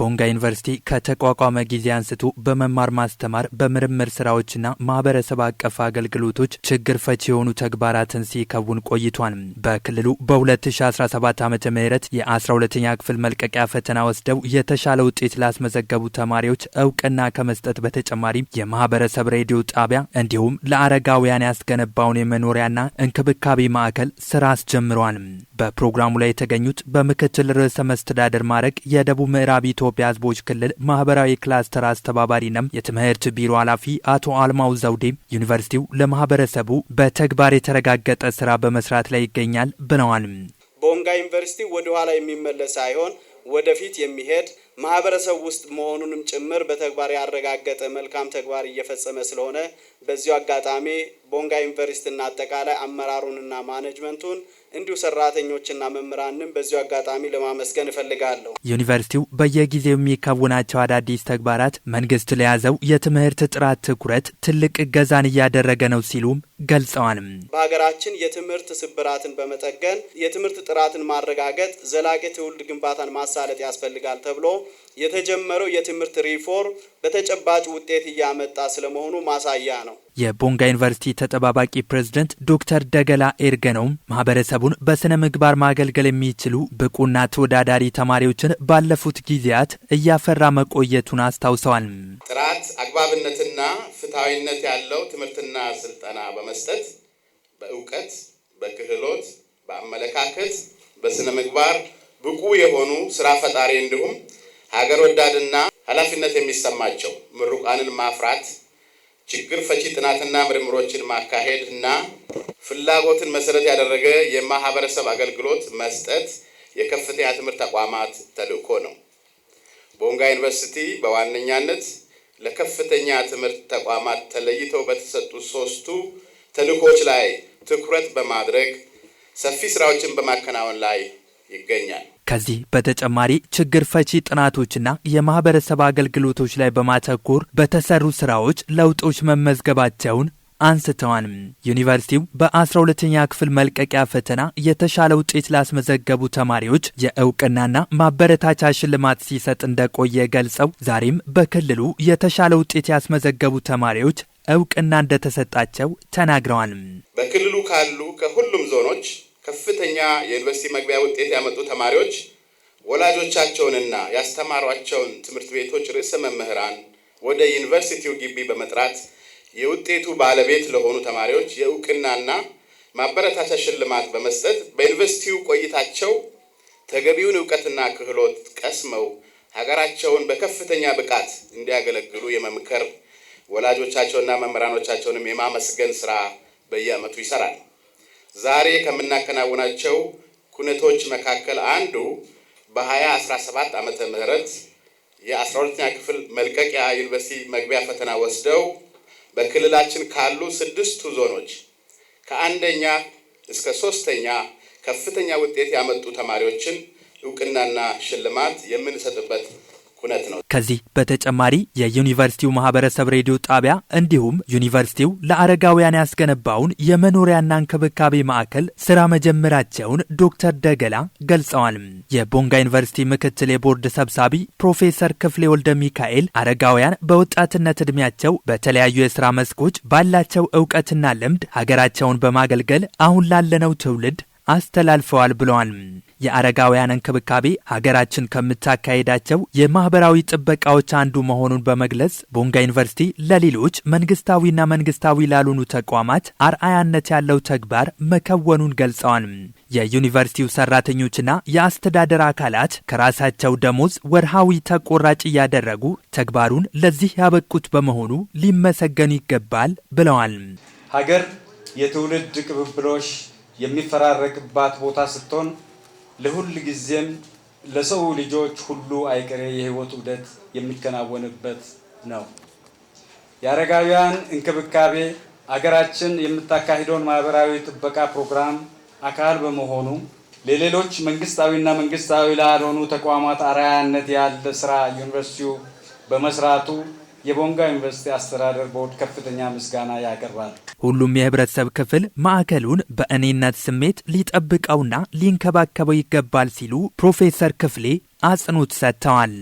ቦንጋ ዩኒቨርሲቲ ከተቋቋመ ጊዜ አንስቶ በመማር ማስተማር በምርምር ስራዎችና ማህበረሰብ አቀፍ አገልግሎቶች ችግር ፈች የሆኑ ተግባራትን ሲከውን ቆይቷል። በክልሉ በ2017 ዓ ም የ12ኛ ክፍል መልቀቂያ ፈተና ወስደው የተሻለ ውጤት ላስመዘገቡ ተማሪዎች እውቅና ከመስጠት በተጨማሪ የማህበረሰብ ሬዲዮ ጣቢያ እንዲሁም ለአረጋውያን ያስገነባውን የመኖሪያና እንክብካቤ ማዕከል ስራ አስጀምረዋል። በፕሮግራሙ ላይ የተገኙት በምክትል ርዕሰ መስተዳደር ማዕረግ የደቡብ ምዕራብ የኢትዮጵያ ህዝቦች ክልል ማህበራዊ ክላስተር አስተባባሪና የትምህርት ቢሮ ኃላፊ አቶ አልማው ዘውዴ ዩኒቨርሲቲው ለማህበረሰቡ በተግባር የተረጋገጠ ስራ በመስራት ላይ ይገኛል ብለዋል። ቦንጋ ዩኒቨርሲቲ ወደኋላ የሚመለስ ሳይሆን ወደፊት የሚሄድ ማህበረሰብ ውስጥ መሆኑንም ጭምር በተግባር ያረጋገጠ መልካም ተግባር እየፈጸመ ስለሆነ በዚሁ አጋጣሚ ቦንጋ ዩኒቨርሲቲና አጠቃላይ አመራሩንና ማኔጅመንቱን እንዲሁ ሰራተኞችና መምህራንም በዚሁ አጋጣሚ ለማመስገን እፈልጋለሁ። ዩኒቨርሲቲው በየጊዜው የሚከውናቸው አዳዲስ ተግባራት መንግስት ለያዘው የትምህርት ጥራት ትኩረት ትልቅ እገዛን እያደረገ ነው ሲሉም ገልጸዋልም። በሀገራችን የትምህርት ስብራትን በመጠገን የትምህርት ጥራትን ማረጋገጥ ዘላቂ ትውልድ ግንባታን ማሳለጥ ያስፈልጋል ተብሎ የተጀመረው የትምህርት ሪፎርም በተጨባጭ ውጤት እያመጣ ስለመሆኑ ማሳያ ነው። የቦንጋ ዩኒቨርሲቲ ተጠባባቂ ፕሬዝደንት ዶክተር ደገላ ኤርገነውም ማህበረሰቡን በስነ ምግባር ማገልገል የሚችሉ ብቁና ተወዳዳሪ ተማሪዎችን ባለፉት ጊዜያት እያፈራ መቆየቱን አስታውሰዋል። ጥራት፣ አግባብነትና ፍትሐዊነት ያለው ትምህርትና ስልጠና በመስጠት በእውቀት፣ በክህሎት፣ በአመለካከት፣ በስነ ምግባር ብቁ የሆኑ ስራ ፈጣሪ እንዲሁም ሀገር ወዳድና ኃላፊነት የሚሰማቸው ምሩቃንን ማፍራት፣ ችግር ፈቺ ጥናትና ምርምሮችን ማካሄድ እና ፍላጎትን መሰረት ያደረገ የማህበረሰብ አገልግሎት መስጠት የከፍተኛ ትምህርት ተቋማት ተልዕኮ ነው። ቦንጋ ዩኒቨርሲቲ በዋነኛነት ለከፍተኛ ትምህርት ተቋማት ተለይተው በተሰጡ ሶስቱ ተልዕኮች ላይ ትኩረት በማድረግ ሰፊ ስራዎችን በማከናወን ላይ ይገኛል። ከዚህ በተጨማሪ ችግር ፈቺ ጥናቶችና የማህበረሰብ አገልግሎቶች ላይ በማተኮር በተሰሩ ስራዎች ለውጦች መመዝገባቸውን አንስተዋል። ዩኒቨርሲቲው በ12ኛ ክፍል መልቀቂያ ፈተና የተሻለ ውጤት ላስመዘገቡ ተማሪዎች የእውቅናና ማበረታቻ ሽልማት ሲሰጥ እንደቆየ ገልጸው ዛሬም በክልሉ የተሻለ ውጤት ያስመዘገቡ ተማሪዎች እውቅና እንደተሰጣቸው ተናግረዋል። በክልሉ ካሉ ከሁሉም ዞኖች ከፍተኛ የዩኒቨርሲቲ መግቢያ ውጤት ያመጡ ተማሪዎች ወላጆቻቸውንና ያስተማሯቸውን ትምህርት ቤቶች ርዕሰ መምህራን ወደ ዩኒቨርሲቲው ግቢ በመጥራት የውጤቱ ባለቤት ለሆኑ ተማሪዎች የእውቅናና ማበረታቻ ሽልማት በመስጠት በዩኒቨርሲቲው ቆይታቸው ተገቢውን እውቀትና ክህሎት ቀስመው ሀገራቸውን በከፍተኛ ብቃት እንዲያገለግሉ የመምከር ወላጆቻቸውና መምህራኖቻቸውንም የማመስገን ስራ በየዓመቱ ይሰራል። ዛሬ ከምናከናውናቸው ኩነቶች መካከል አንዱ በ2017 ዓመተ ምህረት የ12ኛ ክፍል መልቀቂያ ዩኒቨርሲቲ መግቢያ ፈተና ወስደው በክልላችን ካሉ ስድስቱ ዞኖች ከአንደኛ እስከ ሶስተኛ ከፍተኛ ውጤት ያመጡ ተማሪዎችን እውቅናና ሽልማት የምንሰጥበት እውነት ነው። ከዚህ በተጨማሪ የዩኒቨርሲቲው ማህበረሰብ ሬዲዮ ጣቢያ እንዲሁም ዩኒቨርሲቲው ለአረጋውያን ያስገነባውን የመኖሪያና እንክብካቤ ማዕከል ስራ መጀመራቸውን ዶክተር ደገላ ገልጸዋል። የቦንጋ ዩኒቨርሲቲ ምክትል የቦርድ ሰብሳቢ ፕሮፌሰር ክፍሌ ወልደ ሚካኤል አረጋውያን በወጣትነት ዕድሜያቸው በተለያዩ የስራ መስኮች ባላቸው እውቀትና ልምድ ሀገራቸውን በማገልገል አሁን ላለነው ትውልድ አስተላልፈዋል ብለዋል። የአረጋውያን እንክብካቤ ሀገራችን ከምታካሄዳቸው የማህበራዊ ጥበቃዎች አንዱ መሆኑን በመግለጽ ቦንጋ ዩኒቨርሲቲ ለሌሎች መንግስታዊና መንግስታዊ ላልሆኑ ተቋማት አርአያነት ያለው ተግባር መከወኑን ገልጸዋል። የዩኒቨርሲቲው ሰራተኞችና የአስተዳደር አካላት ከራሳቸው ደሞዝ ወርሃዊ ተቆራጭ እያደረጉ ተግባሩን ለዚህ ያበቁት በመሆኑ ሊመሰገኑ ይገባል ብለዋል። ሀገር የትውልድ ቅብብሎሽ የሚፈራረቅባት ቦታ ስትሆን ለሁል ጊዜም ለሰው ልጆች ሁሉ አይቀሬ የህይወት ውደት የሚከናወንበት ነው። የአረጋውያን እንክብካቤ አገራችን የምታካሂደውን ማህበራዊ ጥበቃ ፕሮግራም አካል በመሆኑ ለሌሎች መንግስታዊና መንግስታዊ ላልሆኑ ተቋማት አርአያነት ያለ ስራ ዩኒቨርሲቲው በመስራቱ የቦንጋ ዩኒቨርሲቲ አስተዳደር ቦርድ ከፍተኛ ምስጋና ያቀርባል። ሁሉም የህብረተሰብ ክፍል ማዕከሉን በእኔነት ስሜት ሊጠብቀውና ሊንከባከበው ይገባል ሲሉ ፕሮፌሰር ክፍሌ አጽንኦት ሰጥተዋል።